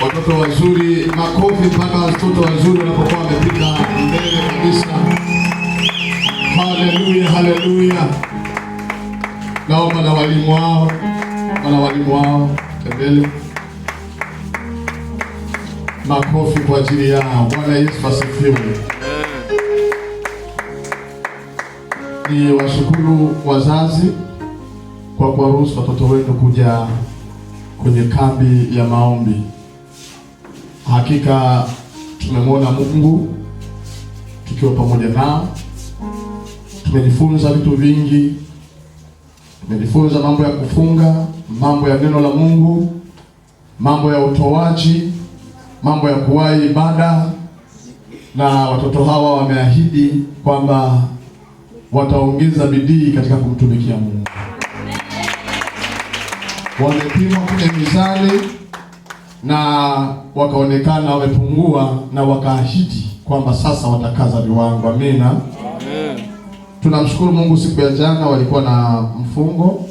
watoto wazuri, makofi mpaka watoto wazuri wanapokuwa wamepika mbele kabisa. Haleluya, haleluya. Naomba na walimu wao, wana walimu wao tembele. Makofi kwa ajili yao. Bwana Yesu asifiwe. Ni washukuru wazazi kwa kuwaruhusu watoto wenu kuja kwenye kambi ya maombi. Hakika tumemwona Mungu tukiwa pamoja nao, tumejifunza vitu vingi, tumejifunza mambo ya kufunga, mambo ya neno la Mungu, mambo ya utoaji, mambo ya kuwahi ibada, na watoto hawa wameahidi kwamba wataongeza bidii katika kumtumikia Mungu. Wamepimwa kwenye mizani na wakaonekana wamepungua na wakaahidi kwamba sasa watakaza viwango. Amina. Tunamshukuru Mungu, siku ya jana walikuwa na mfungo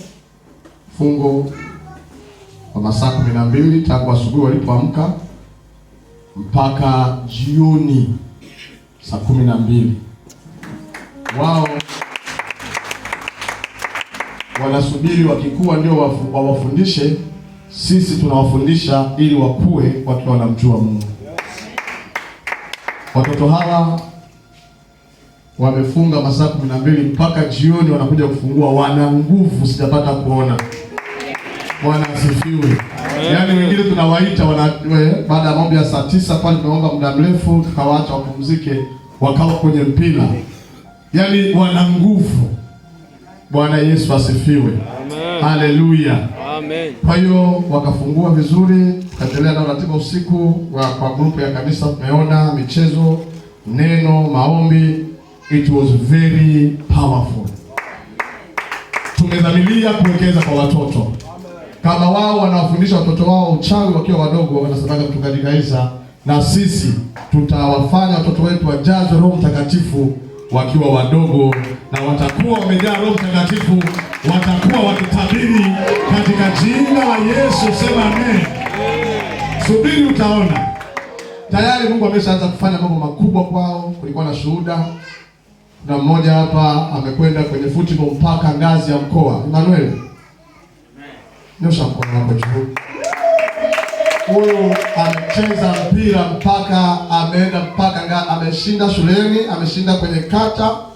mfungo wa masaa kumi na mbili tangu asubuhi walipoamka mpaka jioni saa kumi na mbili wao wanasubiri wakikuwa ndio wawafundishe sisi tunawafundisha ili wakue wakiwa wanamjua Mungu. Watoto hawa wamefunga masaa kumi na mbili mpaka jioni, wanakuja kufungua, wana nguvu, sijapata kuona. Bwana asifiwe. Yaani wengine tunawaita baada ya maombi ya saa tisa pale, tumeomba muda mrefu, tukawaacha wapumzike, wakawa kwenye mpira, yaani wana nguvu. Bwana Yesu asifiwe, haleluya. Amen. Kwa hiyo wakafungua vizuri, kaendelea na ratiba usiku wa kwa grupu ya kanisa. Tumeona michezo, neno, maombi. It was very powerful. Tumedhamiria kuwekeza kwa watoto kama wao wanawafundisha watoto wao uchawi wakiwa wadogo, wanasemanga mchungaji Kaisa, na sisi tutawafanya watoto wetu wajazwe Roho Mtakatifu wakiwa wadogo na watakuwa wamejaa Roho Mtakatifu, watakuwa wakitabiri katika jina la Yesu. Sema amen. Subiri utaona, tayari Mungu ameshaanza kufanya mambo makubwa kwao. Kulikuwa na shuhuda, na mmoja hapa amekwenda kwenye football mpaka ngazi ya mkoa. Emmanuel, nyosha mkono wako juu. Huyu amecheza mpira mpaka ameenda mpaka ameshinda shuleni, ameshinda kwenye kata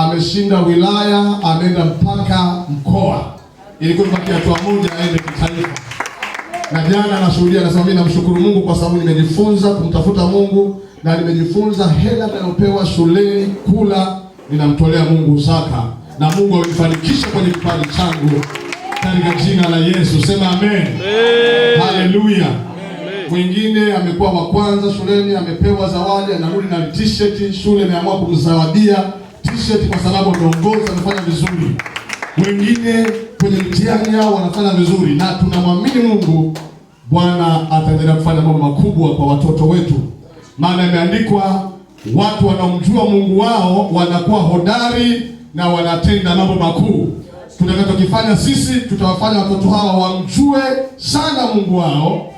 ameshinda wilaya, ameenda mpaka mkoa, ilikuwa ibakia hatua moja aende kitaifa. Na jana anashuhudia, anasema mimi namshukuru Mungu kwa sababu nimejifunza kumtafuta Mungu na nimejifunza hela ninayopewa shuleni kula ninamtolea Mungu zaka, na Mungu amenifanikisha kwenye kipaji changu katika jina la Yesu, sema amen, haleluya. Mwingine amekuwa wa kwanza shuleni, amepewa zawadi, anarudi na t-shirt, shule imeamua kumzawadia t-shirt kwa sababu viongozi wamefanya vizuri, wengine kwenye mitihani yao wanafanya vizuri, na tunamwamini Mungu Bwana ataendelea kufanya mambo makubwa kwa watoto wetu, maana imeandikwa watu wanaomjua Mungu wao wanakuwa hodari na wanatenda mambo makuu. Tutakachokifanya sisi, tutawafanya watoto hawa wamjue sana Mungu wao,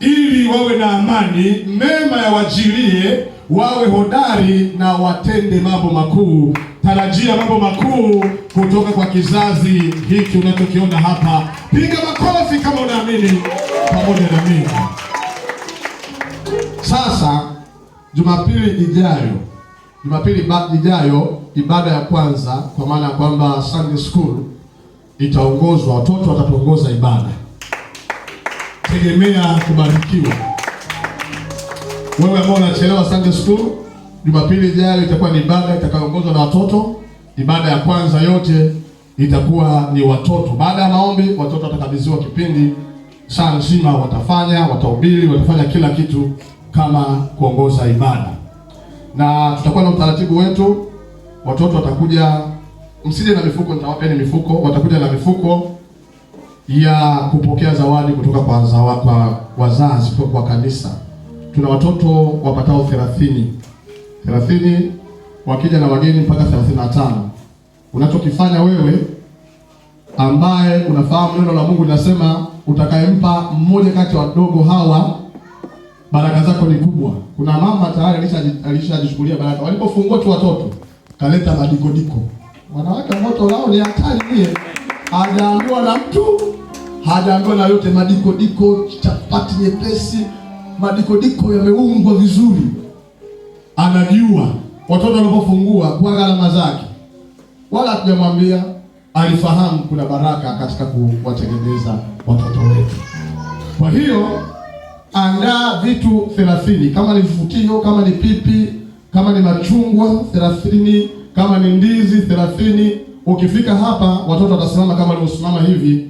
ili wawe na amani, mema yawajilie wawe hodari na watende mambo makuu. Tarajia mambo makuu kutoka kwa kizazi hiki unachokiona hapa. Piga makofi kama unaamini pamoja na mimi. Sasa Jumapili ijayo, Jumapili ijayo ibada ya kwanza, kwa maana ya kwamba Sunday school itaongozwa, watoto watatuongoza ibada. Tegemea kubarikiwa. Wewe ambao unachelewa Sunday school, Jumapili ijayo itakuwa ni ibada itakayoongozwa na watoto. Ibada ya kwanza yote itakuwa ni watoto. Baada ya maombi, watoto watakabidhiwa kipindi saa nzima, watafanya watahubiri, watafanya kila kitu kama kuongoza ibada, na tutakuwa na utaratibu wetu. Watoto watakuja, msije na mifuko, nitawapeni mifuko. Watakuja na mifuko ya kupokea zawadi kutoka kwa, zawa, kwa wazazi, kwa kanisa tuna watoto wapatao 30 30 wakija na wageni mpaka 35. Unachokifanya wewe ambaye unafahamu neno la Mungu linasema utakayempa mmoja kati ya wadogo hawa baraka zako ni kubwa. Kuna mama tayari alishajishughulia baraka, walipofungua tu watoto kaleta madikodiko. Wanawake moto lao ni hatari, ndiye hajaambiwa na mtu, hajaambiwa na yote, madikodiko, chapati nyepesi madikodiko yameungwa vizuri, anajua watoto wanapofungua kwa gharama zake, wala hatujamwambia. Alifahamu kuna baraka katika kuwatengeneza watoto wetu. Kwa hiyo andaa vitu thelathini, kama ni vifutio, kama ni pipi, kama ni machungwa thelathini, kama ni ndizi thelathini. Ukifika hapa watoto watasimama kama waliosimama hivi.